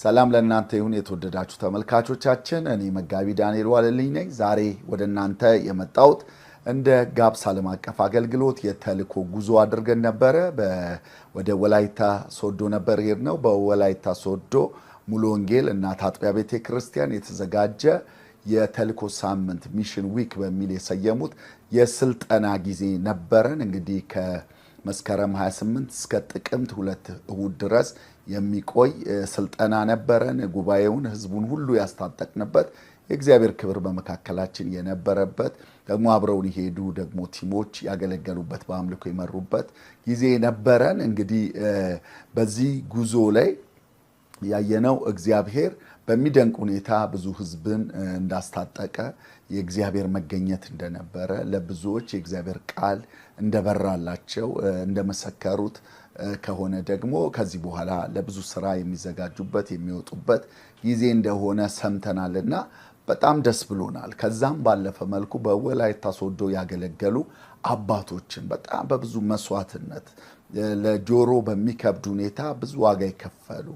ሰላም ለእናንተ ይሁን የተወደዳችሁ ተመልካቾቻችን፣ እኔ መጋቢ ዳንኤል ዋለልኝ ነኝ። ዛሬ ወደ እናንተ የመጣሁት እንደ ጋብስ ዓለም አቀፍ አገልግሎት የተልእኮ ጉዞ አድርገን ነበረ። ወደ ወላይታ ሶዶ ነበር ነው። በወላይታ ሶዶ ሙሉ ወንጌል እናት አጥቢያ ቤተ ክርስቲያን የተዘጋጀ የተልእኮ ሳምንት ሚሽን ዊክ በሚል የሰየሙት የስልጠና ጊዜ ነበረን። እንግዲህ መስከረም 28 እስከ ጥቅምት ሁለት እሁድ ድረስ የሚቆይ ስልጠና ነበረን። ጉባኤውን ህዝቡን ሁሉ ያስታጠቅንበት የእግዚአብሔር ክብር በመካከላችን የነበረበት ደግሞ አብረውን የሄዱ ደግሞ ቲሞች ያገለገሉበት በአምልኮ የመሩበት ጊዜ ነበረን። እንግዲህ በዚህ ጉዞ ላይ ያየነው እግዚአብሔር በሚደንቅ ሁኔታ ብዙ ህዝብን እንዳስታጠቀ የእግዚአብሔር መገኘት እንደነበረ ለብዙዎች የእግዚአብሔር ቃል እንደበራላቸው እንደመሰከሩት ከሆነ ደግሞ ከዚህ በኋላ ለብዙ ስራ የሚዘጋጁበት የሚወጡበት ጊዜ እንደሆነ ሰምተናልና በጣም ደስ ብሎናል። ከዛም ባለፈ መልኩ በወላይታ ሶዶ ያገለገሉ አባቶችን በጣም በብዙ መስዋዕትነት ለጆሮ በሚከብድ ሁኔታ ብዙ ዋጋ የከፈሉ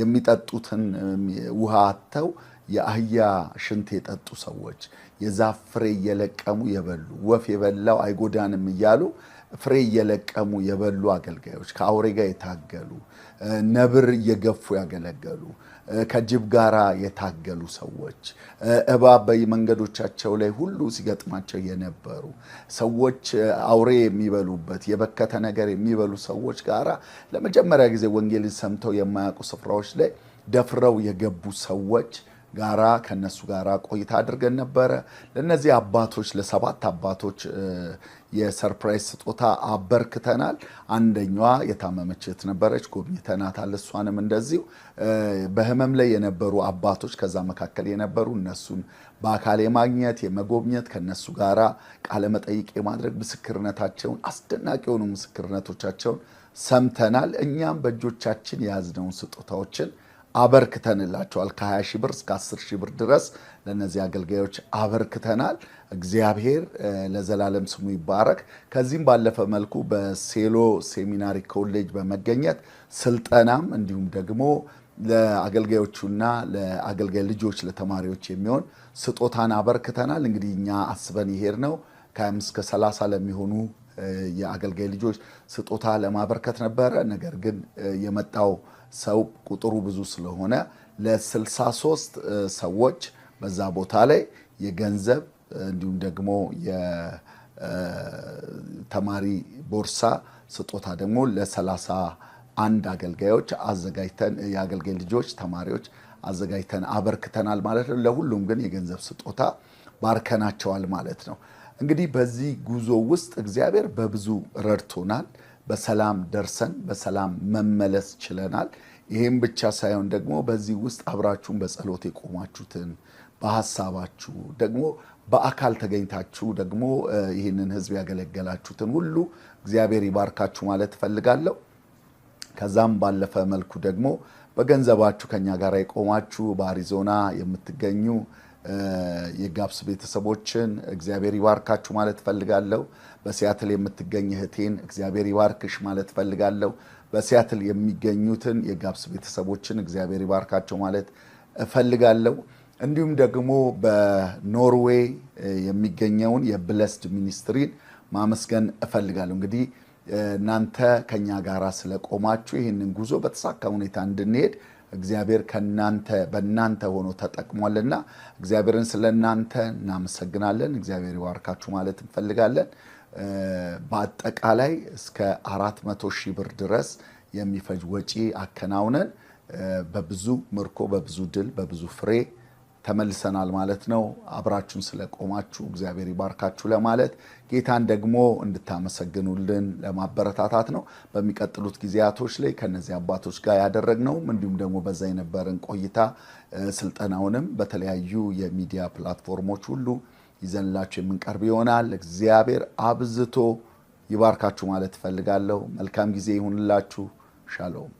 የሚጠጡትን ውሃ አጥተው የአህያ ሽንት የጠጡ ሰዎች፣ የዛፍ ፍሬ እየለቀሙ የበሉ ወፍ የበላው አይጎዳንም እያሉ ፍሬ እየለቀሙ የበሉ አገልጋዮች፣ ከአውሬ ጋር የታገሉ ነብር እየገፉ ያገለገሉ፣ ከጅብ ጋር የታገሉ ሰዎች፣ እባብ በመንገዶቻቸው ላይ ሁሉ ሲገጥማቸው የነበሩ ሰዎች፣ አውሬ የሚበሉበት የበከተ ነገር የሚበሉ ሰዎች ጋራ ለመጀመሪያ ጊዜ ወንጌልን ሰምተው የማያውቁ ስፍራዎች ላይ ደፍረው የገቡ ሰዎች ጋራ ከነሱ ጋራ ቆይታ አድርገን ነበረ። ለእነዚህ አባቶች ለሰባት አባቶች የሰርፕራይዝ ስጦታ አበርክተናል። አንደኛዋ የታመመች እህት ነበረች፣ ጎብኝተናታል። እሷንም እንደዚሁ በህመም ላይ የነበሩ አባቶች ከዛ መካከል የነበሩ እነሱን በአካል የማግኘት የመጎብኘት ከነሱ ጋራ ቃለ መጠይቅ የማድረግ ምስክርነታቸውን አስደናቂ የሆኑ ምስክርነቶቻቸውን ሰምተናል። እኛም በእጆቻችን የያዝነውን ስጦታዎችን አበርክተንላቸዋል። ከ20 ሺህ ብር እስከ 10 ሺህ ብር ድረስ ለእነዚህ አገልጋዮች አበርክተናል። እግዚአብሔር ለዘላለም ስሙ ይባረክ። ከዚህም ባለፈ መልኩ በሴሎ ሴሚናሪ ኮሌጅ በመገኘት ስልጠናም እንዲሁም ደግሞ ለአገልጋዮቹና ለአገልጋይ ልጆች ለተማሪዎች የሚሆን ስጦታን አበርክተናል። እንግዲህ እኛ አስበን ይሄድ ነው ከ25 እስከ 30 ለሚሆኑ የአገልጋይ ልጆች ስጦታ ለማበርከት ነበረ። ነገር ግን የመጣው ሰው ቁጥሩ ብዙ ስለሆነ ለ63 ሰዎች በዛ ቦታ ላይ የገንዘብ እንዲሁም ደግሞ የተማሪ ቦርሳ ስጦታ ደግሞ ለሰላሳ አንድ አገልጋዮች አዘጋጅተን የአገልጋይ ልጆች ተማሪዎች አዘጋጅተን አበርክተናል ማለት ነው። ለሁሉም ግን የገንዘብ ስጦታ ባርከናቸዋል ማለት ነው። እንግዲህ በዚህ ጉዞ ውስጥ እግዚአብሔር በብዙ ረድቶናል። በሰላም ደርሰን በሰላም መመለስ ችለናል። ይህም ብቻ ሳይሆን ደግሞ በዚህ ውስጥ አብራችሁን በጸሎት የቆማችሁትን በሀሳባችሁ ደግሞ በአካል ተገኝታችሁ ደግሞ ይህንን ሕዝብ ያገለገላችሁትን ሁሉ እግዚአብሔር ይባርካችሁ ማለት እፈልጋለሁ። ከዛም ባለፈ መልኩ ደግሞ በገንዘባችሁ ከኛ ጋር የቆማችሁ በአሪዞና የምትገኙ የጋብስ ቤተሰቦችን እግዚአብሔር ይባርካችሁ ማለት ፈልጋለሁ በሲያትል የምትገኝ እህቴን እግዚአብሔር ይባርክሽ ማለት ፈልጋለሁ በሲያትል የሚገኙትን የጋብስ ቤተሰቦችን እግዚአብሔር ይባርካቸው ማለት እፈልጋለሁ። እንዲሁም ደግሞ በኖርዌይ የሚገኘውን የብለስድ ሚኒስትሪን ማመስገን እፈልጋለሁ። እንግዲህ እናንተ ከኛ ጋር ስለቆማችሁ ይህንን ጉዞ በተሳካ ሁኔታ እንድንሄድ እግዚአብሔር ከእናንተ በእናንተ ሆኖ ተጠቅሟልና እግዚአብሔርን ስለ እናንተ እናመሰግናለን። እግዚአብሔር ይዋርካችሁ ማለት እንፈልጋለን። በአጠቃላይ እስከ አራት መቶ ሺህ ብር ድረስ የሚፈጅ ወጪ አከናውነን በብዙ ምርኮ፣ በብዙ ድል፣ በብዙ ፍሬ ተመልሰናል ማለት ነው። አብራችሁን ስለቆማችሁ እግዚአብሔር ይባርካችሁ ለማለት ጌታን ደግሞ እንድታመሰግኑልን ለማበረታታት ነው። በሚቀጥሉት ጊዜያቶች ላይ ከነዚህ አባቶች ጋር ያደረግነውም እንዲሁም ደግሞ በዛ የነበረን ቆይታ ስልጠናውንም በተለያዩ የሚዲያ ፕላትፎርሞች ሁሉ ይዘንላችሁ የምንቀርብ ይሆናል። እግዚአብሔር አብዝቶ ይባርካችሁ ማለት እፈልጋለሁ። መልካም ጊዜ ይሁንላችሁ። ሻሎም